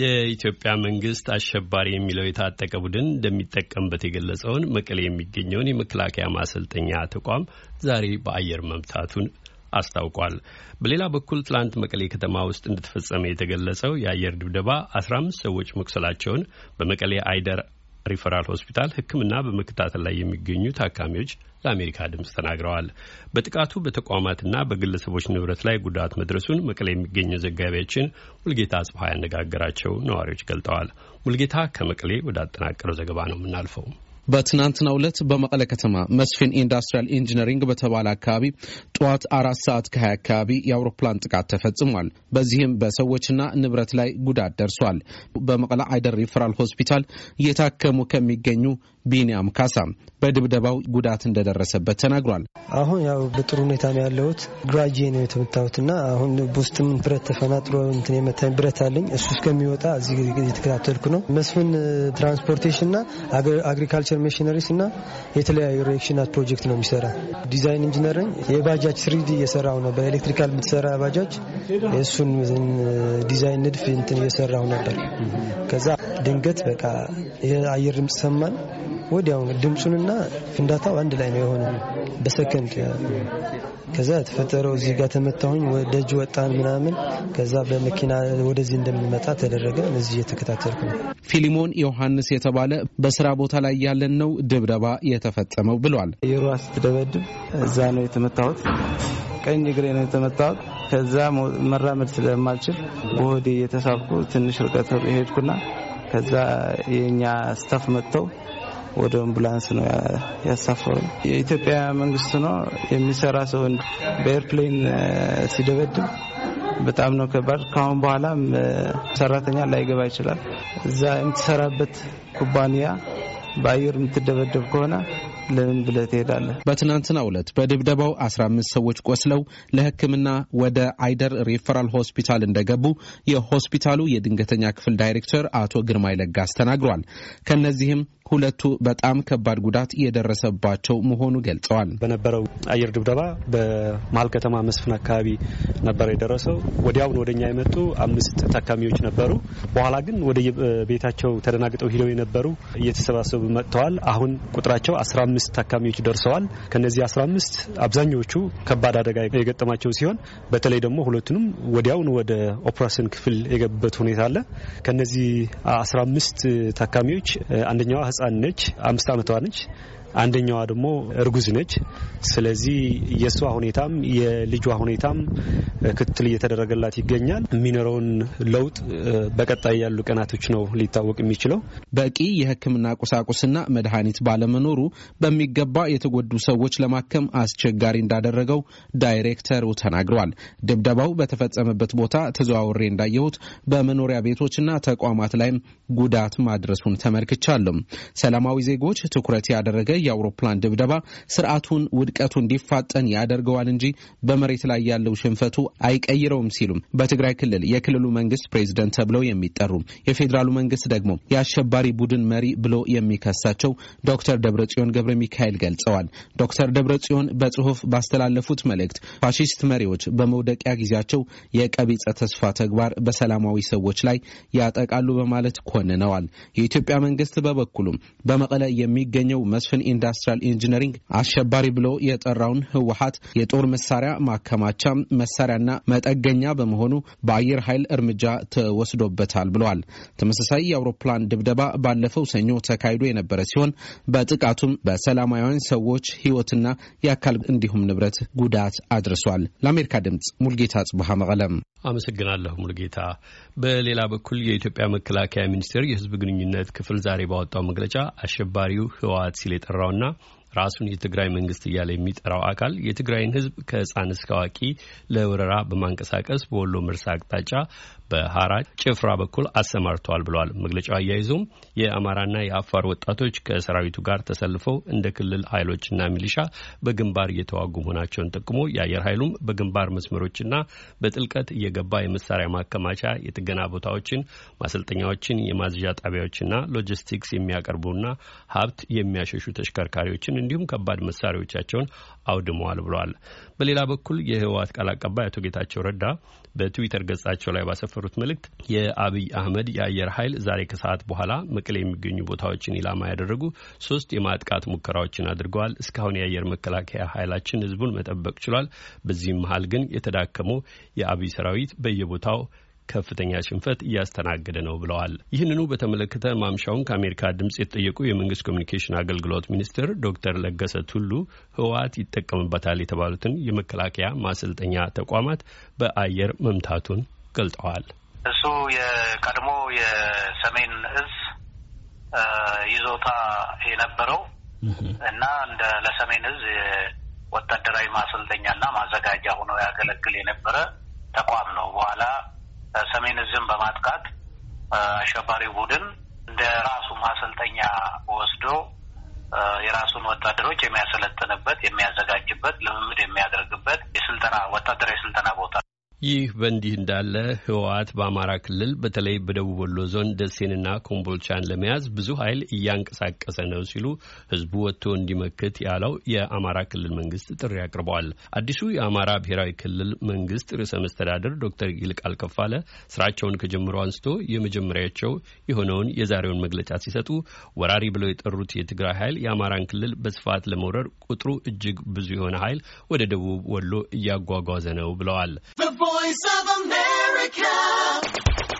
የኢትዮጵያ መንግስት አሸባሪ የሚለው የታጠቀ ቡድን እንደሚጠቀምበት የገለጸውን መቀሌ የሚገኘውን የመከላከያ ማሰልጠኛ ተቋም ዛሬ በአየር መምታቱን አስታውቋል። በሌላ በኩል ትላንት መቀሌ ከተማ ውስጥ እንደተፈጸመ የተገለጸው የአየር ድብደባ አስራ አምስት ሰዎች መቁሰላቸውን በመቀሌ አይደር ሪፈራል ሆስፒታል ሕክምና በመከታተል ላይ የሚገኙ ታካሚዎች ለአሜሪካ ድምፅ ተናግረዋል። በጥቃቱ በተቋማትና በግለሰቦች ንብረት ላይ ጉዳት መድረሱን መቀሌ የሚገኘው ዘጋቢያችን ሙልጌታ አጽፋ ያነጋገራቸው ነዋሪዎች ገልጠዋል። ሙልጌታ ከመቀሌ ወደ አጠናቀረው ዘገባ ነው የምናልፈው። በትናንትና ዕለት በመቀለ ከተማ መስፊን ኢንዱስትሪያል ኢንጂነሪንግ በተባለ አካባቢ ጠዋት አራት ሰዓት ከሀያ አካባቢ የአውሮፕላን ጥቃት ተፈጽሟል። በዚህም በሰዎችና ንብረት ላይ ጉዳት ደርሷል። በመቀለ አይደር ሪፈራል ሆስፒታል እየታከሙ ከሚገኙ ቢኒያም ካሳ በድብደባው ጉዳት እንደደረሰበት ተናግሯል። አሁን ያው በጥሩ ሁኔታ ነው ያለሁት። ግራጄ ነው የተመታሁትና አሁን ውስጥም ብረት ተፈናጥሮ እንትን የመታኝ ብረት አለኝ። እሱ እስከሚወጣ እዚህ የተከታተልኩ ነው። መስፍን ትራንስፖርቴሽንና አግሪካልቸር የአግሪካልቸር ሜሽነሪስ እና የተለያዩ ሪኤክሽናት ፕሮጀክት ነው የሚሰራ። ዲዛይን ኢንጂነሪንግ የባጃጅ ስሪዲ እየሰራው ነው። በኤሌክትሪካል የምትሰራ ባጃጅ የእሱን ዲዛይን ንድፍ እንትን እየሰራው ነበር። ከዛ ድንገት በቃ የአየር ድምፅ ሰማን። ወዲያው ድምፁንና ፍንዳታው አንድ ላይ ነው የሆነ በሰከንድ ከዛ ተፈጠረው እዚህ ጋር ተመታሁኝ፣ ወደጅ ወጣን ምናምን። ከዛ በመኪና ወደዚህ እንደምንመጣ ተደረገ። እዚህ እየተከታተልኩ ነው። ፊሊሞን ዮሐንስ የተባለ በስራ ቦታ ላይ ያለን ነው ድብደባ የተፈጸመው ብሏል። የሩዋ ስትደበድብ እዛ ነው የተመታሁት። ቀኝ እግሬ ነው የተመታሁት። ከዛ መራመድ ስለማልችል በሆዴ እየተሳብኩ ትንሽ ርቀት ሄድኩና ከዛ የኛ ስታፍ መጥተው ወደ አምቡላንስ ነው ያሳፈሩ። የኢትዮጵያ መንግስት ነው የሚሰራ ሰውን በኤርፕሌን ሲደበድብ በጣም ነው ከባድ። ከአሁን በኋላም ሰራተኛ ላይገባ ይችላል። እዛ የምትሰራበት ኩባንያ በአየር የምትደበደብ ከሆነ ለምን ብለህ ትሄዳለህ? በትናንትና ዕለት በድብደባው 15 ሰዎች ቆስለው ለሕክምና ወደ አይደር ሪፈራል ሆስፒታል እንደገቡ የሆስፒታሉ የድንገተኛ ክፍል ዳይሬክተር አቶ ግርማይ ለጋስ ተናግሯል። ከነዚህም ሁለቱ በጣም ከባድ ጉዳት የደረሰባቸው መሆኑ ገልጸዋል። በነበረው አየር ድብደባ በመሀል ከተማ መስፍን አካባቢ ነበር የደረሰው። ወዲያውን ወደኛ የመጡ አምስት ታካሚዎች ነበሩ። በኋላ ግን ወደ ቤታቸው ተደናግጠው ሂደው የነበሩ እየተሰባሰቡ መጥተዋል። አሁን ቁጥራቸው 15 15 ታካሚዎች ደርሰዋል። ከነዚህ 15 አብዛኛዎቹ ከባድ አደጋ የገጠማቸው ሲሆን በተለይ ደግሞ ሁለቱንም ወዲያውን ወደ ኦፕራሽን ክፍል የገቡበት ሁኔታ አለ። ከነዚህ 15 ታካሚዎች አንደኛዋ ህጻን ነች፣ አምስት ዓመቷ ነች። አንደኛዋ ደግሞ እርጉዝ ነች። ስለዚህ የእሷ ሁኔታም የልጇ ሁኔታም ክትትል እየተደረገላት ይገኛል። የሚኖረውን ለውጥ በቀጣይ ያሉ ቀናቶች ነው ሊታወቅ የሚችለው። በቂ የሕክምና ቁሳቁስና መድኃኒት ባለመኖሩ በሚገባ የተጎዱ ሰዎች ለማከም አስቸጋሪ እንዳደረገው ዳይሬክተሩ ተናግረዋል። ድብደባው በተፈጸመበት ቦታ ተዘዋውሬ እንዳየሁት በመኖሪያ ቤቶችና ተቋማት ላይም ጉዳት ማድረሱን ተመልክቻለሁ። ሰላማዊ ዜጎች ትኩረት ያደረገ የአውሮፕላን ድብደባ ስርዓቱን ውድቀቱ እንዲፋጠን ያደርገዋል እንጂ በመሬት ላይ ያለው ሽንፈቱ አይቀይረውም ሲሉም በትግራይ ክልል የክልሉ መንግስት ፕሬዚደንት ተብለው የሚጠሩ የፌዴራሉ መንግስት ደግሞ የአሸባሪ ቡድን መሪ ብሎ የሚከሳቸው ዶክተር ደብረጽዮን ገብረ ሚካኤል ገልጸዋል። ዶክተር ደብረጽዮን በጽሁፍ ባስተላለፉት መልእክት ፋሺስት መሪዎች በመውደቂያ ጊዜያቸው የቀቢጸ ተስፋ ተግባር በሰላማዊ ሰዎች ላይ ያጠቃሉ በማለት ኮንነዋል። የኢትዮጵያ መንግስት በበኩሉም በመቀለ የሚገኘው መስፍን ኢንዱስትሪያል ኢንጂነሪንግ አሸባሪ ብሎ የጠራውን ህወሀት የጦር መሳሪያ ማከማቻ መሳሪያና መጠገኛ በመሆኑ በአየር ኃይል እርምጃ ተወስዶበታል ብለዋል። ተመሳሳይ የአውሮፕላን ድብደባ ባለፈው ሰኞ ተካሂዶ የነበረ ሲሆን በጥቃቱም በሰላማውያን ሰዎች ህይወትና የአካል እንዲሁም ንብረት ጉዳት አድርሷል። ለአሜሪካ ድምጽ ሙልጌታ ጽቡሃ መቀለም አመሰግናለሁ ሙልጌታ። በሌላ በኩል የኢትዮጵያ መከላከያ ሚኒስቴር የህዝብ ግንኙነት ክፍል ዛሬ ባወጣው መግለጫ አሸባሪው ህወሀት ሲል የጠራ የተሰራውና ራሱን የትግራይ መንግስት እያለ የሚጠራው አካል የትግራይን ህዝብ ከህፃን እስከ አዋቂ ለወረራ በማንቀሳቀስ በወሎ ምርሳ አቅጣጫ በሀራ ጭፍራ በኩል አሰማርተዋል ብለዋል። መግለጫው አያይዞም የአማራና የአፋር ወጣቶች ከሰራዊቱ ጋር ተሰልፈው እንደ ክልል ኃይሎችና ሚሊሻ በግንባር እየተዋጉ መሆናቸውን ጠቁሞ የአየር ኃይሉም በግንባር መስመሮችና በጥልቀት እየገባ የመሳሪያ ማከማቻ፣ የጥገና ቦታዎችን፣ ማሰልጠኛዎችን፣ የማዝዣ ጣቢያዎችና ሎጂስቲክስ የሚያቀርቡና ሀብት የሚያሸሹ ተሽከርካሪዎችን እንዲሁም ከባድ መሳሪያዎቻቸውን አውድመዋል ብለዋል። በሌላ በኩል የህወሓት ቃል አቀባይ አቶ ጌታቸው ረዳ በትዊተር ገጻቸው ላይ ባሰፈሩት መልእክት የአብይ አህመድ የአየር ኃይል ዛሬ ከሰዓት በኋላ መቀሌ የሚገኙ ቦታዎችን ኢላማ ያደረጉ ሶስት የማጥቃት ሙከራዎችን አድርገዋል። እስካሁን የአየር መከላከያ ኃይላችን ህዝቡን መጠበቅ ችሏል። በዚህም መሀል ግን የተዳከመው የአብይ ሰራዊት በየቦታው ከፍተኛ ሽንፈት እያስተናገደ ነው ብለዋል። ይህንኑ በተመለከተ ማምሻውን ከአሜሪካ ድምጽ የተጠየቁ የመንግስት ኮሚኒኬሽን አገልግሎት ሚኒስትር ዶክተር ለገሰ ቱሉ ህወሓት ይጠቀምበታል የተባሉትን የመከላከያ ማሰልጠኛ ተቋማት በአየር መምታቱን ገልጠዋል። እሱ የቀድሞ የሰሜን እዝ ይዞታ የነበረው እና እንደ ለሰሜን እዝ ወታደራዊ ማሰልጠኛና ማዘጋጃ ሆኖ ያገለግል የነበረ ተቋም ነው። በኋላ ሰሜን ዝም በማጥቃት አሸባሪ ቡድን እንደ ራሱ ማሰልጠኛ ወስዶ የራሱን ወታደሮች የሚያሰለጥንበት፣ የሚያዘጋጅበት፣ ልምምድ የሚያደርግበት የስልጠና ወታደራዊ የስልጠና ቦታ ይህ በእንዲህ እንዳለ ህወሓት በአማራ ክልል በተለይ በደቡብ ወሎ ዞን ደሴንና ኮምቦልቻን ለመያዝ ብዙ ኃይል እያንቀሳቀሰ ነው ሲሉ ህዝቡ ወጥቶ እንዲመክት ያለው የአማራ ክልል መንግስት ጥሪ አቅርበዋል። አዲሱ የአማራ ብሔራዊ ክልል መንግስት ርዕሰ መስተዳድር ዶክተር ይልቃል ከፋለ ስራቸውን ከጀምሮ አንስቶ የመጀመሪያቸው የሆነውን የዛሬውን መግለጫ ሲሰጡ ወራሪ ብለው የጠሩት የትግራይ ኃይል የአማራን ክልል በስፋት ለመውረር ቁጥሩ እጅግ ብዙ የሆነ ኃይል ወደ ደቡብ ወሎ እያጓጓዘ ነው ብለዋል። voice of America